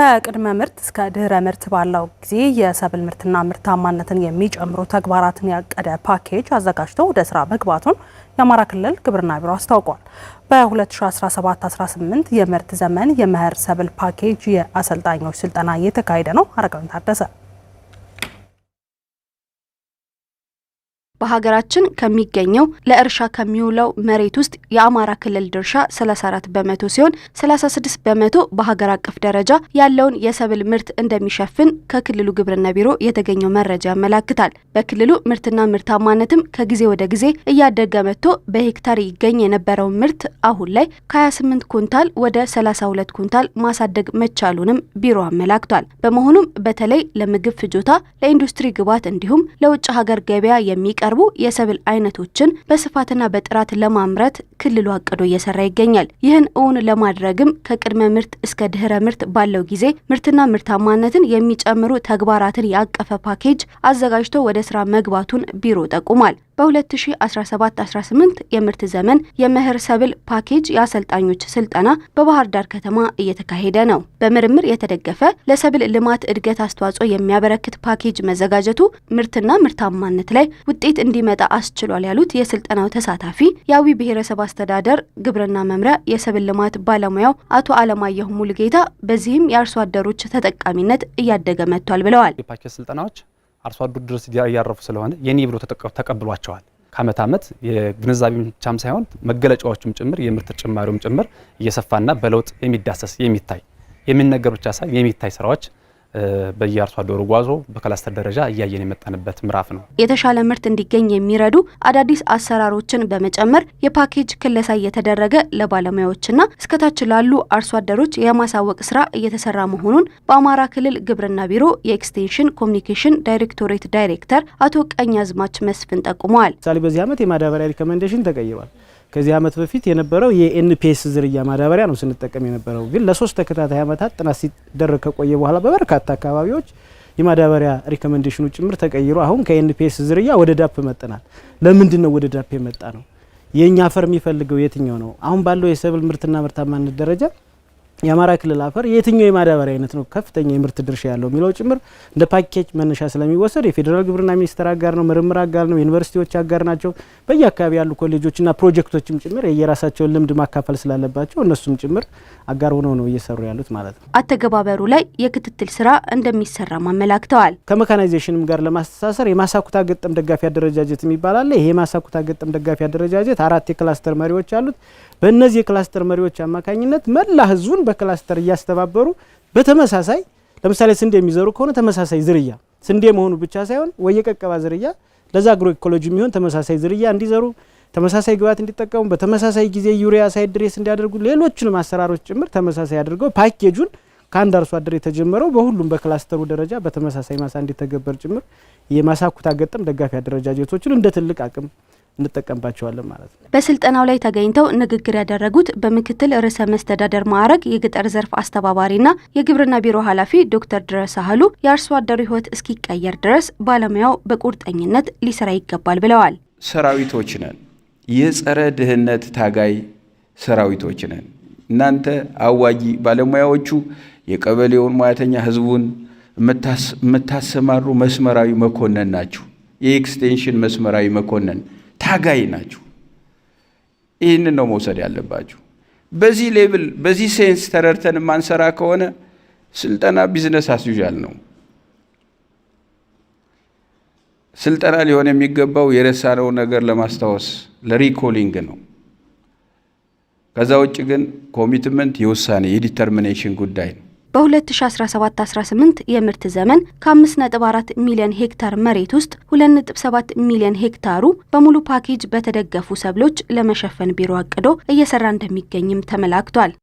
ከቅድመ ምርት እስከ ድህረ ምርት ባለው ጊዜ የሰብል ምርትና ምርታማነትን የሚጨምሩ ተግባራትን ያቀደ ፓኬጅ አዘጋጅቶ ወደ ስራ መግባቱን የአማራ ክልል ግብርና ቢሮ አስታውቋል። በ2017/18 የምርት ዘመን የመኸር ሰብል ፓኬጅ የአሰልጣኞች ስልጠና እየተካሄደ ነው። አረጋዊ ታደሰ በሀገራችን ከሚገኘው ለእርሻ ከሚውለው መሬት ውስጥ የአማራ ክልል ድርሻ 34 በመቶ ሲሆን 36 በመቶ በሀገር አቀፍ ደረጃ ያለውን የሰብል ምርት እንደሚሸፍን ከክልሉ ግብርና ቢሮ የተገኘው መረጃ ያመላክታል። በክልሉ ምርትና ምርታማነትም ከጊዜ ወደ ጊዜ እያደገ መጥቶ በሄክታር ይገኝ የነበረውን ምርት አሁን ላይ ከ28 ኩንታል ወደ 32 ኩንታል ማሳደግ መቻሉንም ቢሮ አመላክቷል። በመሆኑም በተለይ ለምግብ ፍጆታ፣ ለኢንዱስትሪ ግብዓት እንዲሁም ለውጭ ሀገር ገበያ የሚቀ የሚቀርቡ የሰብል አይነቶችን በስፋትና በጥራት ለማምረት ክልሉ አቅዶ እየሰራ ይገኛል። ይህን እውን ለማድረግም ከቅድመ ምርት እስከ ድህረ ምርት ባለው ጊዜ ምርትና ምርታማነትን የሚጨምሩ ተግባራትን ያቀፈ ፓኬጅ አዘጋጅቶ ወደ ስራ መግባቱን ቢሮ ጠቁሟል። በ2017-18 የምርት ዘመን የመኸር ሰብል ፓኬጅ የአሰልጣኞች ስልጠና በባህር ዳር ከተማ እየተካሄደ ነው። በምርምር የተደገፈ ለሰብል ልማት እድገት አስተዋጽኦ የሚያበረክት ፓኬጅ መዘጋጀቱ ምርትና ምርታማነት ላይ ውጤት እንዲመጣ አስችሏል ያሉት የስልጠናው ተሳታፊ የአዊ ብሔረሰብ አስተዳደር ግብርና መምሪያ የሰብል ልማት ባለሙያው አቶ አለማየሁ ሙልጌታ በዚህም የአርሶ አደሮች ተጠቃሚነት እያደገ መጥቷል ብለዋል። የፓኬጅ ስልጠናዎች አርሶ አደሩ ድረስ እያረፉ ስለሆነ የኔ ብሎ ተቀብሏቸዋል። ከአመት አመት የግንዛቤ ብቻም ሳይሆን መገለጫዎቹም ጭምር የምርት ጭማሪውም ጭምር እየሰፋና በለውጥ የሚዳሰስ የሚታይ የሚነገር ብቻ ሳይሆን የሚታይ ስራዎች በየአርሶ አደሩ ጓዞ በክላስተር ደረጃ እያየን የመጣንበት ምዕራፍ ነው። የተሻለ ምርት እንዲገኝ የሚረዱ አዳዲስ አሰራሮችን በመጨመር የፓኬጅ ክለሳ እየተደረገ ለባለሙያዎችና እስከታች ላሉ አርሶ አደሮች የማሳወቅ ስራ እየተሰራ መሆኑን በአማራ ክልል ግብርና ቢሮ የኤክስቴንሽን ኮሚኒኬሽን ዳይሬክቶሬት ዳይሬክተር አቶ ቀኝ አዝማች መስፍን ጠቁመዋል። ምሳሌ በዚህ ዓመት የማዳበሪያ ሪኮመንዴሽን ተቀይሯል። ከዚህ ዓመት በፊት የነበረው የኤንፒኤስ ዝርያ ማዳበሪያ ነው ስንጠቀም የነበረው። ግን ለሶስት ተከታታይ ዓመታት ጥናት ሲደረግ ከቆየ በኋላ በበርካታ አካባቢዎች የማዳበሪያ ሪኮመንዴሽኑ ጭምር ተቀይሮ አሁን ከኤንፒኤስ ዝርያ ወደ ዳፕ መጠናል። ለምንድን ነው ወደ ዳፕ የመጣ ነው? የእኛ አፈር የሚፈልገው የትኛው ነው? አሁን ባለው የሰብል ምርትና ምርታማነት ደረጃ የአማራ ክልል አፈር የትኛው የማዳበሪያ አይነት ነው ከፍተኛ የምርት ድርሻ ያለው የሚለው ጭምር እንደ ፓኬጅ መነሻ ስለሚወሰድ የፌዴራል ግብርና ሚኒስቴር አጋር ነው፣ ምርምር አጋር ነው፣ ዩኒቨርሲቲዎች አጋር ናቸው። በየአካባቢ ያሉ ኮሌጆችና ፕሮጀክቶችም ጭምር የየራሳቸውን ልምድ ማካፈል ስላለባቸው እነሱም ጭምር አጋር ሆነው ነው እየሰሩ ያሉት ማለት ነው። አተገባበሩ ላይ የክትትል ስራ እንደሚሰራ አመላክተዋል። ከመካናይዜሽንም ጋር ለማስተሳሰር የማሳኩታ ገጠም ደጋፊ አደረጃጀት የሚባል አለ። ይሄ የማሳኩታ ገጠም ደጋፊ አደረጃጀት አራት የክላስተር መሪዎች አሉት። በእነዚህ የክላስተር መሪዎች አማካኝነት መላ ህዝቡን በክላስተር እያስተባበሩ በተመሳሳይ ለምሳሌ ስንዴ የሚዘሩ ከሆነ ተመሳሳይ ዝርያ ስንዴ መሆኑ ብቻ ሳይሆን ወይ የቀቀባ ዝርያ ለዛ አግሮ ኢኮሎጂ የሚሆን ተመሳሳይ ዝርያ እንዲዘሩ ተመሳሳይ ግብዓት እንዲጠቀሙ በተመሳሳይ ጊዜ ዩሪያ ሳይድሬስ እንዲያደርጉ ሌሎችንም አሰራሮች ጭምር ተመሳሳይ አድርገው ፓኬጁን ከአንድ አርሶ አደር የተጀመረው በሁሉም በክላስተሩ ደረጃ በተመሳሳይ ማሳ እንዲተገበር ጭምር የማሳ ኩታ ገጠም ደጋፊ አደረጃጀቶችን እንደ ትልቅ አቅም እንጠቀምባቸዋለን ማለት ነው። በስልጠናው ላይ ተገኝተው ንግግር ያደረጉት በምክትል ርዕሰ መስተዳደር ማዕረግ የገጠር ዘርፍ አስተባባሪና የግብርና ቢሮ ኃላፊ ዶክተር ድረስ አህሉ የአርሶ አደሩ ሕይወት እስኪቀየር ድረስ ባለሙያው በቁርጠኝነት ሊሰራ ይገባል ብለዋል። ሰራዊቶች ነን፣ የጸረ ድህነት ታጋይ ሰራዊቶች ነን። እናንተ አዋጊ ባለሙያዎቹ የቀበሌውን ሙያተኛ ህዝቡን የምታሰማሩ መስመራዊ መኮንን ናችሁ። የኤክስቴንሽን መስመራዊ መኮንን ታጋይ ናችሁ። ይህንን ነው መውሰድ ያለባችሁ። በዚህ ሌብል በዚህ ሴንስ ተረድተን የማንሰራ ከሆነ ስልጠና ቢዝነስ አስዩዣል ነው። ስልጠና ሊሆን የሚገባው የረሳነው ነገር ለማስታወስ ለሪኮሊንግ ነው። ከዛ ውጭ ግን ኮሚትመንት የውሳኔ የዲተርሚኔሽን ጉዳይ ነው። በ2017-18 የምርት ዘመን ከ5.4 ሚሊዮን ሄክታር መሬት ውስጥ 2.7 ሚሊዮን ሄክታሩ በሙሉ ፓኬጅ በተደገፉ ሰብሎች ለመሸፈን ቢሮ አቅዶ እየሰራ እንደሚገኝም ተመላክቷል።